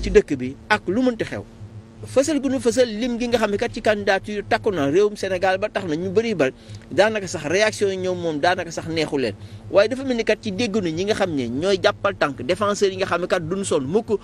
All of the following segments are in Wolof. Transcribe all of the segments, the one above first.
ci dëkk bi ak lu mënti xew fësal gu ñu fësal lim gi nga xam ne kat ci candidature takku na réewum Sénégal ba tax na ñu bëri bal daanaka sax réaction yi ñoom moom daanaka sax neexu leen waaye dafa mel ni kat ci dégg na ñi nga xam ne ñooy jàppal tànk défenseurs yi nga xam ne kat duñu sonn mukk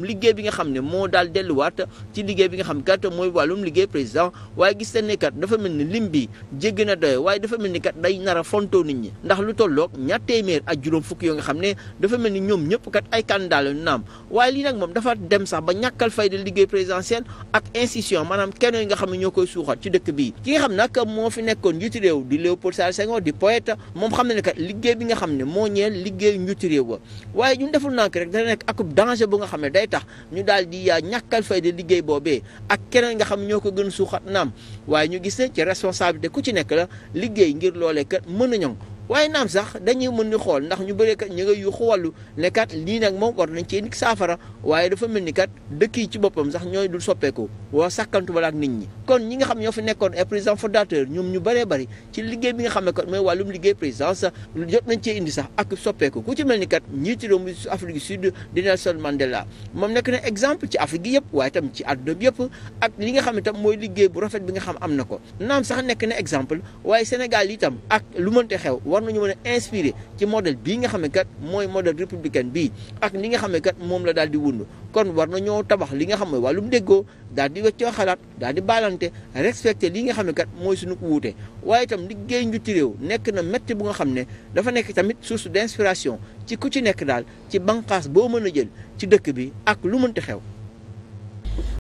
liggéey bi nga xam ne moo daal delluwaat ci bi nga xam ne kat mooy wàllum liggéey président waaye gis nañ ne kat dafa ni lim bi jégg na waaye dafa mel ni kat day nar a fontoo ñi ndax lu tolloog ñaar téeméer ak juróom fukk yoo nga xam ne dafa mel ni ñoom ñëpp kat ay candidat lañu naam waaye lii nag moom dafa dem sax ba ñàkkal fayda liggéey président présidentielle ak institution maanaam keneen yi nga xam ne ñoo koy suuxat ci dëkk bii ki nga xam nag moo fi nekkoon njiitu réew di Léopold Sédar Senghor di poète moom xam na ne kat liggéey bi nga xam ne moo ñeel liggéey njiitu réew ba waaye ñun deful nànk rek dana nekk akub danger bu nga xam ne day tax ñu daal di yaa ah, ñàkkal fay liggéey boobee ak keneen nga xam ñoo ko gën suuxat naam waaye ñu gis ne ci responsabilité ku ci nekk la liggéey ngir loolee kat mën a ñoŋ waaye naam sax dañuy mën ni xool ndax ñu bëri kat ñu nga yuuxu wàllu ne kat lii nag moom war nañ ci indi saafara waaye dafa mel ni kat dëkk yi ci boppam sax ñooy dul soppeeku waa sakantu balaa nit ñi kon ñi nga xam ñoo fi nekkoon ay président fondateur ñoom ñu bëree bëri ci liggéey nga xam ne kat mooy wàllum liggéey présidence jot nañ cee indi sax ak soppeeku ku ci mel ni kat njiitu réew mi Afrique du Sud di Nelson Mandela moom nekk exemple ci Afrique yëpp waaye tam ci àdduna bi yëpp ak li nga xam ne tam mooy liggéey bu rafet bi nga xam am na ko naam sax nekk ne exemple waaye Sénégal itam ak lu mënte xew war nañu mën a inspiré ci modèle bii nga xam ne kat mooy modèle républicain bii ak ni nga xam ne kat moom la daal di wund kon war nañoo tabax li nga xam ne wàllum déggoo daal di weccoo xalaat daal di baalante respecté li nga xam ne kat mooy suñu wuute waaye itam liggéey njuuti réew nekk na métti bu nga xam ne dafa nekk tamit source d'inspiration ci ku ci nekk daal ci banqaas boo mën a jël ci dëkk bi ak lu mënti xew